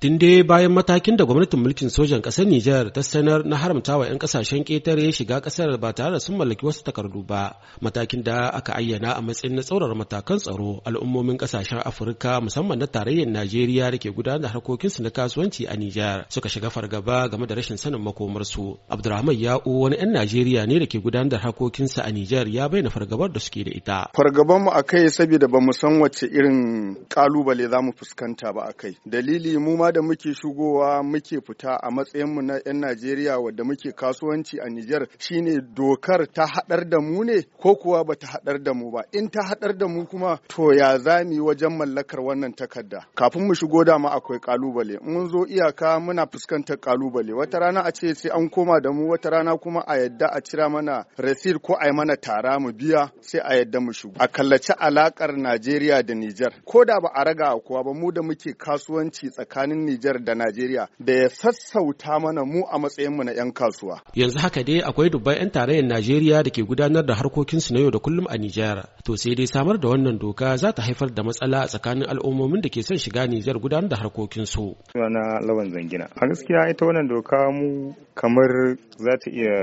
Tun dai bayan matakin da gwamnatin mulkin sojan ƙasar Nijar ta sanar na haramta wa 'yan ƙasashen ƙetare shiga ƙasar ba tare da sun mallaki wasu takardu ba, matakin da aka ayyana a matsayin na tsaurara matakan tsaro al'ummomin ƙasashen Afirka musamman na tarayyar Najeriya da ke gudanar da harkokinsu na kasuwanci a Nijar suka shiga fargaba game da rashin sanin makomarsu. Abdulrahman Ya'u wani 'yan Najeriya ne da ke gudanar da harkokinsa a Nijar ya bayyana fargabar da suke da ita. Fargabar mu akai saboda ba mu san wace irin kalubale za mu fuskanta ba akai. Dalili mu ma da muke shigowa muke fita a matsayinmu na 'yan Najeriya wadda muke kasuwanci a Nijar shine dokar ta haɗar da mu ne ko kuwa ba ta haɗar da mu ba. In ta haɗar da mu kuma to ya za mu wajen mallakar wannan takarda. Kafin mu shigo dama akwai kalubale. Mun zo iyaka muna fuskantar kalubale. Wata rana a ce sai an koma da mu wata rana kuma a yadda a cira mana rasir ko a yi mana tara mu biya sai a yadda mu shigo. A kallaci alakar Najeriya da Nijar. Ko da ba a raga kuwa ba mu da muke kasuwanci tsakanin tsakanin Nijar da Najeriya da ya sassauta mana mu a matsayin mu na 'yan kasuwa. Yanzu haka dai akwai dubban 'yan tarayyar Najeriya da ke gudanar da harkokinsu na yau da kullum a Nijar. To sai dai samar da wannan doka za ta haifar da matsala a tsakanin al'ummomin da ke son shiga Nijar gudanar da harkokinsu. su. Lawan Zangina. A gaskiya ita wannan doka mu kamar za ta iya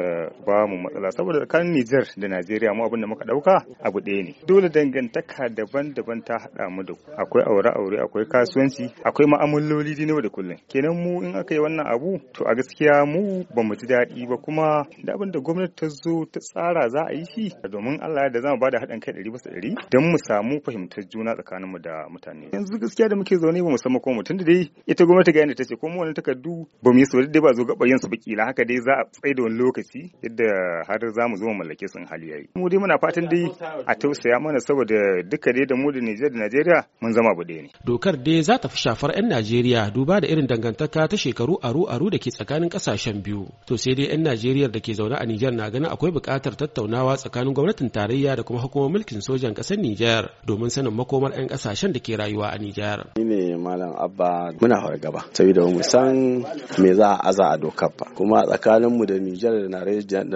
ba mu matsala saboda tsakanin Nijar da Najeriya mu abin da muka dauka abu ɗaya ne. Dole dangantaka daban-daban ta haɗa mu da akwai aure-aure akwai kasuwanci akwai ma'amaloli matsaloli yau da kullum kenan mu in aka yi wannan abu to a gaskiya mu ba mu ji daɗi ba kuma da abin da gwamnati ta zo ta tsara za a yi shi domin Allah da za ba da haɗin kai ɗari bisa ɗari don mu samu fahimtar juna tsakanin mu da mutane yanzu gaskiya da muke zaune ba mu san makon mutum da dai ita gwamnati ga yadda ta ce ko mu wani takardu ba mu yi sauri dai ba zo gaba yin su ba kila haka dai za a tsaye da wani lokaci yadda har za mu zo mu mallake sun hali yayi mu dai muna fatan dai a tausaya mana saboda duka dai da mu da Nijar da Najeriya mun zama bude ne dokar dai za ta fi shafar 'yan Najeriya duba da irin dangantaka ta shekaru aru aru da ke tsakanin kasashen biyu to sai dai yan Najeriya da ke zaune a Nijar na ganin akwai buƙatar tattaunawa tsakanin gwamnatin tarayya da kuma hukumar mulkin sojan ƙasar Nijar domin sanin makomar yan kasashen da ke rayuwa a Nijar ni ne malam Abba muna gaba saboda mu san me za a aza a dokar ba kuma tsakanin mu da Nijar da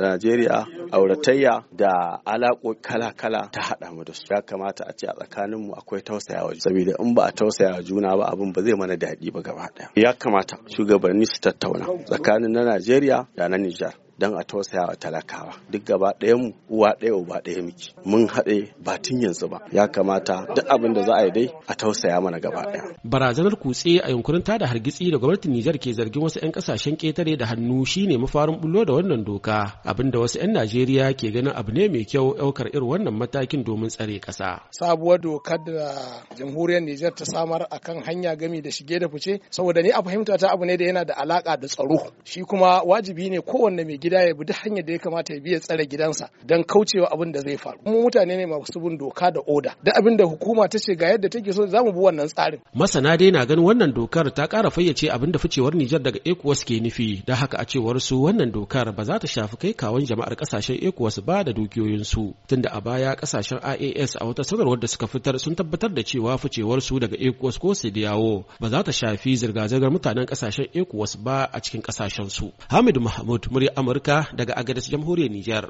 Najeriya auratayya da alako kala-kala ta haɗa mu da su ya kamata a ce a tsakanin mu akwai tausayawa saboda in ba a tausaya juna ba abin ba zai mana daɗi ba gaba ɗaya ya kamata shugabanni su tattauna tsakanin na najeriya da na nijar don a tausaya wa talakawa duk gaba ɗaya mu uwa ɗaya uba ɗaya miki mun haɗe ba tun yanzu ba ya kamata duk abin da za a yi dai a tausaya mana gaba ɗaya. Barazanar kutse a yunkurin tada hargitsi da gwamnatin Nijar ke zargin wasu 'yan kasashen ƙetare da hannu shine mafarin bullo da wannan doka abinda wasu 'yan Najeriya ke ganin abu ne mai kyau ɗaukar irin wannan matakin domin tsare ƙasa. Sabuwar dokar da jamhuriyar Nijar ta samar a kan hanya gami da shige da fice saboda ni a fahimta ta abu ne da yana da alaka da tsaro shi kuma wajibi ne kowanne mai gida ya bi duk hanyar da ya kamata ya bi tsare gidansa don kaucewa abin da zai faru mu mutane ne masu bin doka da oda da abin da hukuma ta ce ga yadda take so zamu bi wannan tsarin masana dai na ganin wannan dokar ta ƙara fayyace abin da ficewar Nijar daga ECOWAS ke nufi da haka a cewar su wannan dokar ba za ta shafi kai kawon jama'ar kasashen ECOWAS ba da dukiyoyin su, tunda a baya kasashen IAS a wata sanarwar da suka fitar sun tabbatar da cewa ficewar su daga ECOWAS ko Sidiyawo ba za ta shafi zirga-zirgar mutanen kasashen ECOWAS ba a cikin kasashen su Hamid Mahmud murya Amurka Amurka daga Agadis Jamhuriyar Nijar.